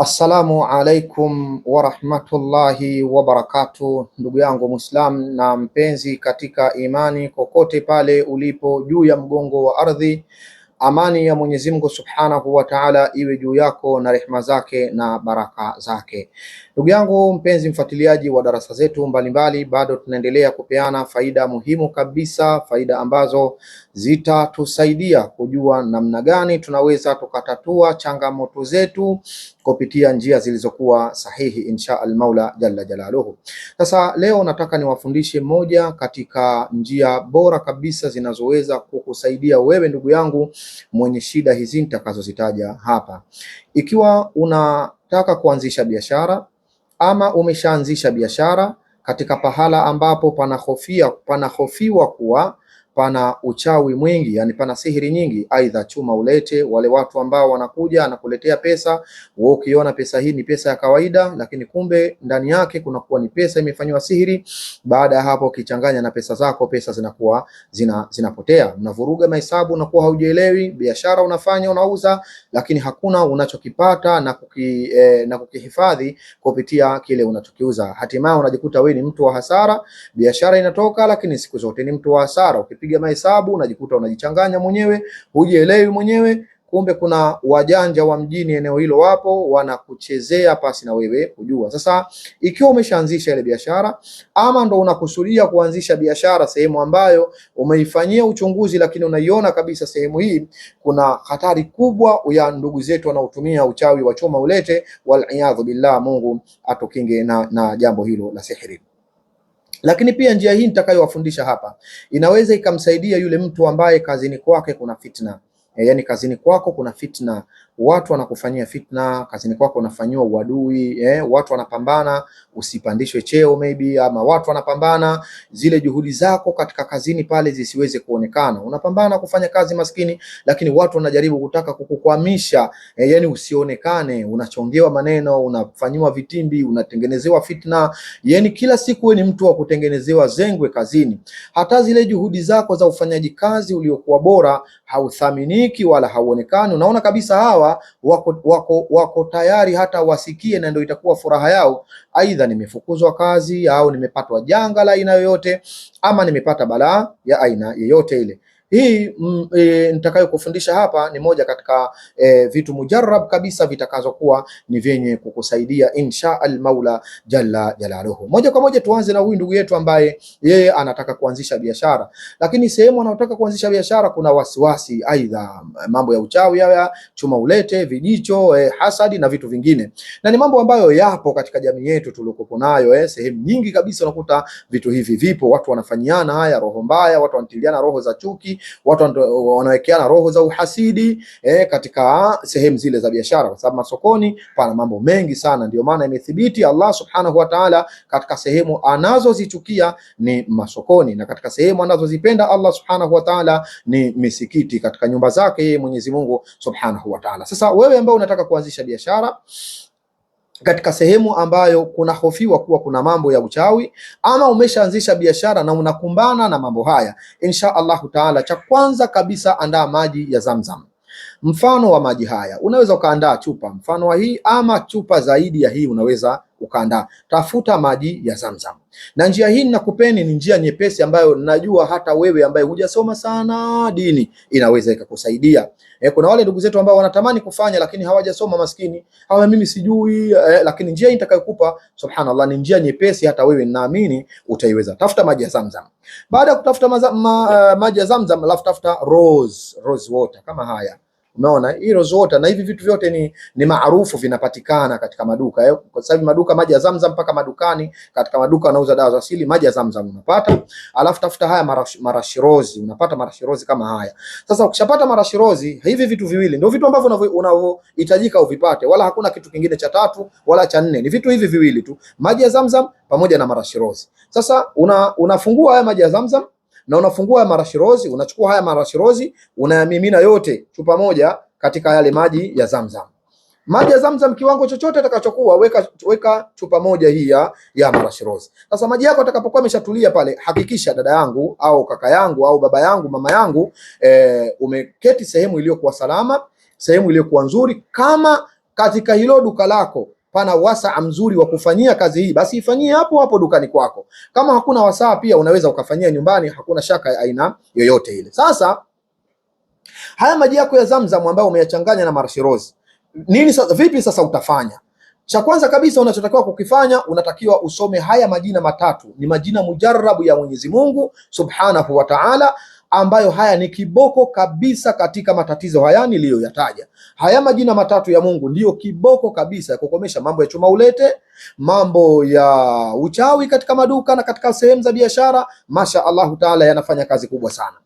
Assalamu alaikum warahmatullahi wabarakatuh, ndugu yangu Muislam na mpenzi katika imani, kokote pale ulipo juu ya mgongo wa ardhi Amani ya Mwenyezi Mungu Subhanahu wa Ta'ala iwe juu yako na rehema zake na baraka zake. Ndugu yangu mpenzi mfuatiliaji wa darasa zetu mbalimbali, bado tunaendelea kupeana faida muhimu kabisa, faida ambazo zitatusaidia kujua namna gani tunaweza tukatatua changamoto zetu kupitia njia zilizokuwa sahihi, insha almaula jalla jalaluhu. Sasa leo nataka niwafundishe moja katika njia bora kabisa zinazoweza kukusaidia wewe ndugu yangu mwenye shida hizi nitakazozitaja hapa. Ikiwa unataka kuanzisha biashara ama umeshaanzisha biashara katika pahala ambapo panahofia panahofiwa kuwa pana uchawi mwingi, yani pana sihiri nyingi. Aidha chuma ulete, wale watu ambao wanakuja anakuletea pesa, wewe ukiona pesa hii ni pesa ya kawaida, lakini kumbe ndani yake kuna kuwa ni pesa imefanywa sihiri. Baada ya hapo, ukichanganya na pesa zako, pesa zinakuwa zina, zinapotea. Unavuruga mahesabu, unakuwa haujielewi, biashara unafanya, unauza, lakini hakuna unachokipata na kuki, eh, na kukihifadhi kupitia kile unachokiuza. Hatimaye unajikuta wewe ni mtu wa hasara, biashara inatoka, lakini siku zote ni mtu wa hasara. Ukipiga unajipiga mahesabu unajikuta unajichanganya mwenyewe, hujielewi mwenyewe. Kumbe kuna wajanja wa mjini eneo hilo wapo, wanakuchezea pasi na wewe kujua. Sasa ikiwa umeshaanzisha ile biashara ama ndo unakusudia kuanzisha biashara sehemu ambayo umeifanyia uchunguzi, lakini unaiona kabisa sehemu hii kuna hatari kubwa ya ndugu zetu wanaotumia uchawi wa chuma ulete, wal billah, Mungu atukinge na, na jambo hilo la sihiri. Lakini pia njia hii nitakayowafundisha hapa inaweza ikamsaidia yule mtu ambaye kazini kwake kuna fitna. E, yani kazini kwako kuna fitna, watu wanakufanyia fitna kazini kwako, unafanyiwa uadui e, watu wanapambana usipandishwe cheo maybe, ama watu wanapambana zile juhudi zako katika kazini pale zisiweze kuonekana. Unapambana kufanya kazi maskini, lakini watu wanajaribu kutaka kukukwamisha e, yani usionekane, unachongewa maneno, unafanyiwa vitimbi, unatengenezewa fitna, yani kila siku we ni mtu wa kutengenezewa zengwe kazini. Hata zile juhudi zako za ufanyaji kazi uliokuwa bora hauthamini hawasikiki wala hauonekani. Unaona kabisa hawa wako, wako, wako tayari hata wasikie, na ndio itakuwa furaha yao. Aidha nimefukuzwa kazi au nimepatwa janga la aina yoyote, ama nimepata balaa ya aina yoyote ile. Hii mm, e, nitakayokufundisha hapa ni moja katika e, vitu mujarab kabisa vitakazokuwa ni vyenye kukusaidia insha al maula jalla jalaluhu. Moja kwa moja tuanze na huyu ndugu yetu ambaye yeye anataka kuanzisha biashara, lakini sehemu anataka kuanzisha biashara kuna wasiwasi, aidha mambo ya uchawi ya chuma ulete, vijicho, e, hasadi na vitu vingine, na ni mambo ambayo yapo katika jamii yetu tuliokuwa nayo e, sehemu nyingi kabisa unakuta vitu hivi vipo, watu wanafanyiana haya roho mbaya, watu wanatiliana roho za chuki watu wanawekeana roho za uhasidi eh, katika ah, sehemu zile za biashara, kwa sababu masokoni pana mambo mengi sana. Ndio maana imethibiti Allah subhanahu wa ta'ala, katika sehemu anazozichukia ni masokoni, na katika sehemu anazozipenda Allah subhanahu wa ta'ala ni misikiti, katika nyumba zake yeye Mwenyezi Mungu subhanahu wa ta'ala. Sasa wewe ambao unataka kuanzisha biashara katika sehemu ambayo kunahofiwa kuwa kuna mambo ya uchawi, ama umeshaanzisha biashara na unakumbana na mambo haya, insha Allahu taala, cha kwanza kabisa andaa maji ya Zamzam. Mfano wa maji haya unaweza ukaandaa chupa mfano wa hii ama chupa zaidi ya hii unaweza ukaandaa. Tafuta maji ya Zamzam, na njia hii ninakupeni ni njia nyepesi ambayo najua hata wewe ambaye hujasoma sana dini inaweza ikakusaidia. E, kuna wale ndugu zetu ambao wanatamani kufanya lakini hawajasoma maskini, hawa mimi sijui e, lakini njia nitakayokupa subhanallah, ni njia nyepesi, hata wewe ninaamini utaiweza. Tafuta maji ya Zamzam. Baada ya kutafuta ma, e, maji ya Zamzam alafu tafuta rose, rose water kama haya Umeona hilo zote na hivi vitu vyote ni, ni maarufu vinapatikana katika maduka eh. Kwa sababu maduka maji ya Zamzam mpaka madukani, katika maduka wanauza dawa za asili, maji ya Zamzam unapata. Alafu tafuta haya marashirozi unapata marashirozi kama haya. Sasa ukishapata marashirozi, hivi vitu viwili ndio vitu ambavyo unavyohitajika uvipate, wala hakuna kitu kingine cha tatu wala cha nne, ni vitu hivi viwili tu, maji ya Zamzam pamoja na marashirozi. Sasa una, unafungua haya maji ya Zamzam na unafungua marashirozi, unachukua haya marashirozi unayamimina yote chupa moja katika yale maji ya Zamzam. Maji ya Zamzam kiwango chochote atakachokuwa weka, weka chupa moja hii ya ya marashirozi. Sasa maji yako atakapokuwa ameshatulia pale, hakikisha dada yangu au kaka yangu au baba yangu mama yangu e, umeketi sehemu iliyokuwa salama, sehemu iliyokuwa nzuri. Kama katika hilo duka lako pana wasaa mzuri wa kufanyia kazi hii, basi ifanyie hapo hapo dukani kwako. Kama hakuna wasaa, pia unaweza ukafanyia nyumbani, hakuna shaka ya aina yoyote ile. Sasa haya maji yako ya Zamzam ambayo umeyachanganya na rose, nini sasa, vipi sasa utafanya? Cha kwanza kabisa unachotakiwa kukifanya, unatakiwa usome haya majina matatu. Ni majina mujarrabu ya Mwenyezi Mungu Subhanahu wa Ta'ala ambayo haya ni kiboko kabisa katika matatizo haya niliyoyataja. Haya majina matatu ya Mungu ndiyo kiboko kabisa ya kukomesha mambo ya chuma ulete, mambo ya uchawi katika maduka na katika sehemu za biashara. Masha Allahu taala, yanafanya kazi kubwa sana.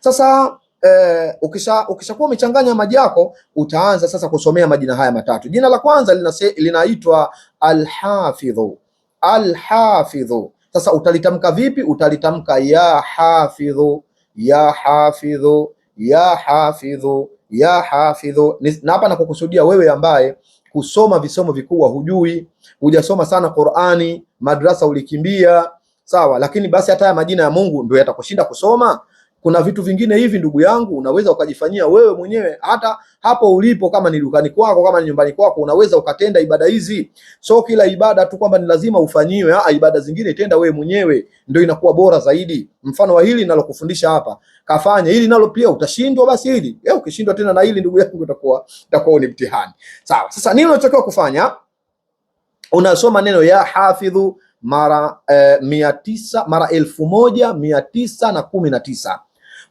Sasa eh, ukisha ukishakuwa umechanganya maji yako, utaanza sasa kusomea majina haya matatu. Jina la kwanza linaitwa Alhafidhu. Alhafidhu, sasa utalitamka vipi? Utalitamka ya hafidhu ya hafidhu ya hafidhu ya hafidhu. Na hapa nakukusudia wewe ambaye kusoma visomo vikubwa hujui, hujasoma sana Qur'ani, madrasa ulikimbia, sawa. Lakini basi hata haya majina ya Mungu ndio yatakushinda kusoma. Kuna vitu vingine hivi, ndugu yangu, unaweza ukajifanyia wewe mwenyewe hata hapo ulipo, kama ni dukani kwako, kama ni nyumbani kwako, unaweza ukatenda ibada hizi. So kila ibada tu kwamba ni lazima ufanyiwe, ha, ah, ibada zingine tenda wewe mwenyewe, ndio inakuwa bora zaidi. Mfano wa hili ninalokufundisha hapa, kafanya hili nalo pia, utashindwa basi hili eh, ukishindwa tena na hili, ndugu yangu, utakuwa utakuwa ni mtihani. Sawa, sasa nini unachotakiwa kufanya? Unasoma neno ya hafidhu mara eh, mia tisa mara elfu moja mia tisa na kumi na tisa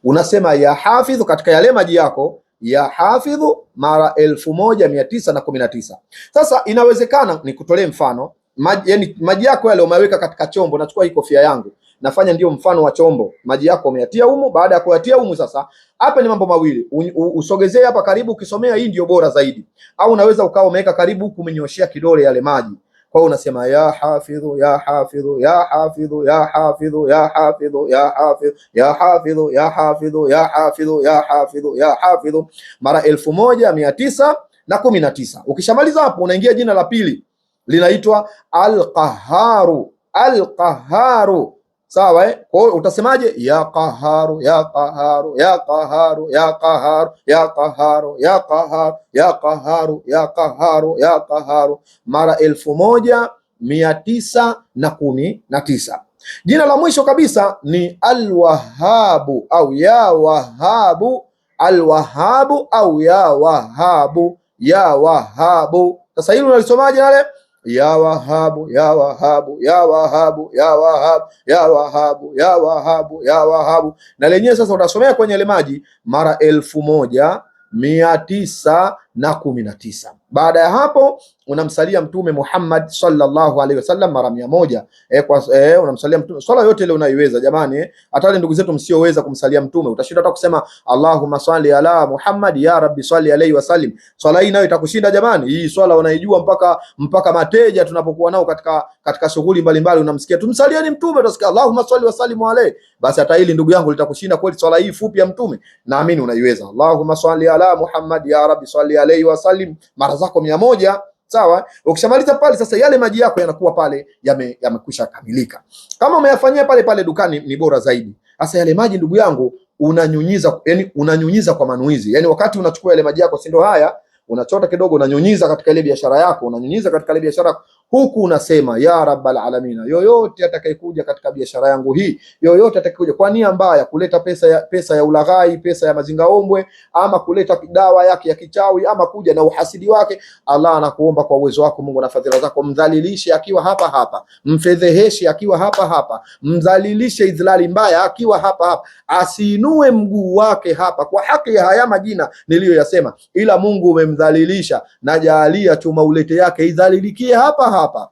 unasema ya hafidhu katika yale maji yako ya hafidhu mara elfu moja mia tisa na kumi na tisa. Sasa inawezekana nikutolee mfano maji, yani maji yako yale umeweka katika chombo. Nachukua hii kofia yangu nafanya ndio mfano wa chombo, maji yako umeyatia humu. Baada ya kuyatia humu, sasa hapa ni mambo mawili, usogezee hapa karibu, ukisomea hii ndio bora zaidi, au unaweza ukawa umeweka karibu, kumenyoshea kidole yale maji kwa hiyo unasema ya hafidhu ya hafidhu ya hafidhu ya hafidhu ya hafidhu ya hafidhu ya hafidhu ya hafidhu ya hafidhu ya hafidhu ya hafidhu mara elfu moja mia tisa na kumi na tisa. Ukishamaliza hapo, unaingia jina la pili linaitwa Alqaharu, Alqaharu Sawa eh? Kwa hiyo utasemaje? ya qaharu ya qaharu ya qaharu ya qaharu ya qaharu ya qaharu ya qaharu ya qaharu ya qaharu mara elfu moja mia tisa na kumi na tisa. Jina la mwisho kabisa ni Alwahabu au ya Wahabu, Alwahabu au ya Wahabu, ya Wahabu. Sasa hili unalisomaje nale ya Wahabu ya Wahabu ya Wahabu ya Wahabu ya Wahabu ya Wahabu ya Wahabu. Na lenyewe sasa utasomea kwenye ile maji mara elfu moja mia tisa na kumi na tisa. Baada ya hapo unamsalia Mtume Muhammad sallallahu alaihi wasallam mara mia moja e, kwa, e, unamsalia Mtume swala yote ile unaiweza jamani. Eh. Hata ndugu zetu msioweza kumsalia Mtume utashinda hata kusema Allahumma salli ala Muhammad ya rabbi salli alaihi wasallim, swala hii nayo itakushinda jamani. Hii swala unaijua mpaka mpaka mateja tunapokuwa nao katika katika shughuli mbalimbali, unamsikia tumsalieni Mtume, utasikia Allahumma salli wa sallim alaihi. Basi hata hili ndugu yangu litakushinda kweli, swala hii fupi ya Mtume naamini unaiweza. Allahumma salli ala Muhammad ya rabbi salli alaihi wasallam mara zako mia moja Sawa, ukishamaliza pale sasa, yale maji yako yanakuwa pale yamekwisha yame kamilika. Kama umeyafanyia pale pale dukani ni bora zaidi. Sasa yale maji ndugu yangu unanyunyiza, yani unanyunyiza kwa manuizi, yani wakati unachukua yale maji yako, si haya unachota kidogo, unanyunyiza katika ile biashara yako, unanyunyiza katika ile biashara yako, huku unasema ya rabbal alamina, yoyote atakayekuja katika biashara yangu hii, yoyote atakayekuja kwa nia mbaya kuleta pesa ya, pesa ya ulaghai, pesa ya mazingaombwe, ama kuleta dawa yake ya kichawi, ama kuja na uhasidi wake, Allah anakuomba kwa uwezo wako Mungu na fadhila zako, mdhalilishe akiwa hapa hapa, mfedheheshe akiwa hapa hapa, mdhalilishe idhlali mbaya akiwa hapa hapa, asiinue mguu wake hapa, kwa haki ya haya majina niliyoyasema, ila Mungu umemdhalilisha, na jaalia chuma ulete yake idhalilikie hapa hapa hapa,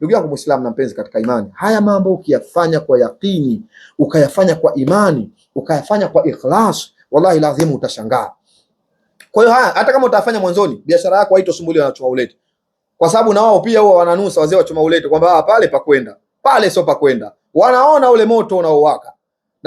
ndugu yangu Muislamu na mpenzi katika imani, haya mambo ukiyafanya kwa yakini, ukayafanya kwa imani, ukayafanya kwa ikhlas, wallahi lazima utashangaa. Kwa hiyo haya, hata kama utafanya mwanzoni, biashara yako haitosumbuliwa na chuma ulete, kwa sababu na wao pia huwa wananusa wazee wa chuma ulete kwamba ah, pale pa kwenda pale, sio pa kwenda, wanaona ule moto unaowaka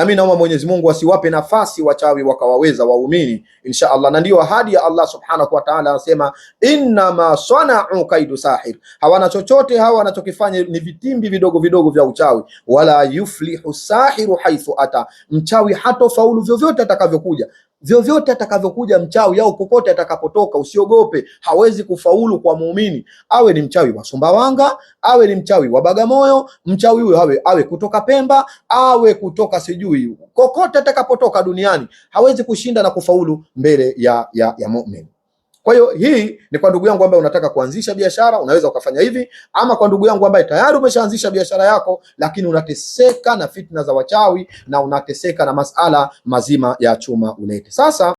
na mimi naomba Mwenyezi Mungu asiwape nafasi wachawi wakawaweza waumini insha Allah. Na ndiyo ahadi ya Allah subhanahu wa ta'ala, anasema innama sanau kaidu sahir, hawana chochote hawa, wanachokifanya ni vitimbi vidogo vidogo vya uchawi. Wala yuflihu sahiru haithu ata, mchawi hatofaulu vyovyote atakavyokuja. Vyovyote atakavyokuja mchawi au kokote atakapotoka, usiogope, hawezi kufaulu kwa muumini. Awe ni mchawi wa Sumbawanga, awe ni mchawi wa Bagamoyo, mchawi huyo awe awe kutoka Pemba, awe kutoka sijui kokote atakapotoka duniani, hawezi kushinda na kufaulu mbele ya, ya, ya muumini. Kwa hiyo hii ni kwa ndugu yangu ambaye unataka kuanzisha biashara, unaweza ukafanya hivi, ama kwa ndugu yangu ambaye tayari umeshaanzisha biashara yako, lakini unateseka na fitna za wachawi na unateseka na masala mazima ya chuma ulete. Sasa